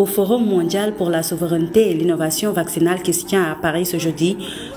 au Forum mondial pour la souveraineté et l'innovation vaccinale qui se tient à Paris ce jeudi,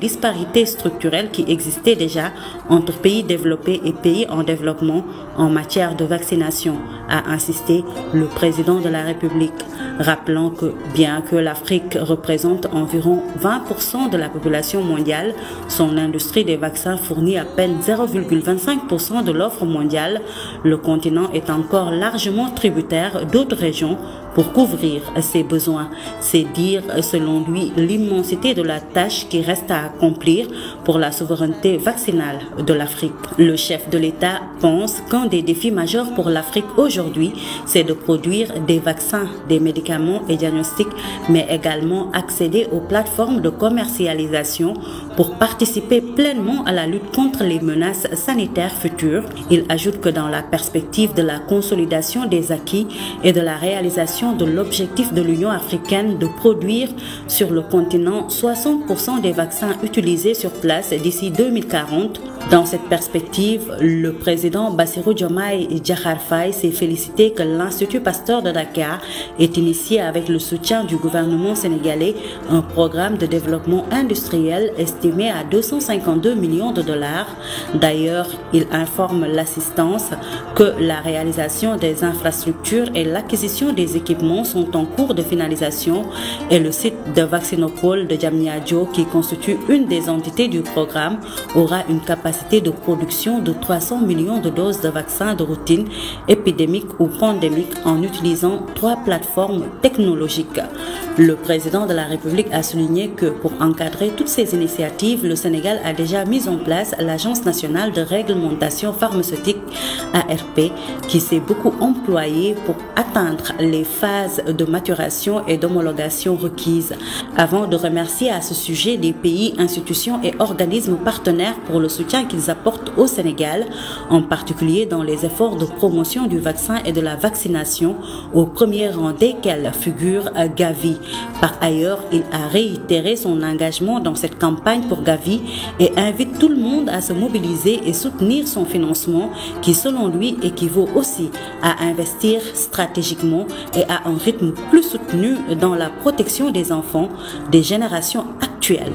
les disparités structurelles qui existaient déjà entre pays développés et pays développement en matière de vaccination, a insisté le président de la République, rappelant que bien que l'Afrique représente environ 20% de la population mondiale, son industrie des vaccins fournit à peine 0,25% de l'offre mondiale, le continent est encore largement tributaire d'autres régions pour couvrir ses besoins. C'est dire, selon lui, l'immensité de la tâche qui reste à accomplir pour la souveraineté vaccinale de l'Afrique. Le chef de l'État pense qu'un des défis majeurs pour l'Afrique aujourd'hui, c'est de produire des vaccins, des médicaments et diagnostics, mais également accéder aux plateformes de commercialisation pour participer pleinement à la lutte contre les menaces sanitaires futures. Il ajoute que dans la perspective de la consolidation des acquis et de la réalisation de l'objectif de l'Union africaine de produire sur le continent 60% des vaccins utilisés sur place d'ici 2040, dans cette perspective, le président Bassirou Diomaye Diakhar Faye s'est félicité que l'Institut Pasteur de Dakar ait initié avec le soutien du gouvernement sénégalais un programme de développement industriel estimé à 252 millions de dollars. D'ailleurs, il informe l'assistance que la réalisation des infrastructures et l'acquisition des équipements sont en cours de finalisation et le site de Vaccinopole de Djamniadjo, qui constitue une des entités du programme, aura une capacité de production de 300 millions de doses de vaccins de routine épidémique ou pandémique en utilisant trois plateformes technologiques. Le président de la République a souligné que pour encadrer toutes ces initiatives, législative, le Sénégal a déjà mis en place l'Agence nationale de réglementation pharmaceutique ARP qui s'est beaucoup employée pour atteindre les phases de maturation et d'homologation requises. Avant de remercier à ce sujet des pays, institutions et organismes partenaires pour le soutien qu'ils apportent au Sénégal, en particulier dans les efforts de promotion du vaccin et de la vaccination, au premier rang desquels figure Gavi. Par ailleurs, il a réitéré son pour Gavi et invite tout le monde à se mobiliser et soutenir son financement qui selon lui équivaut aussi à investir stratégiquement et à un rythme plus soutenu dans la protection des enfants des générations actuelles.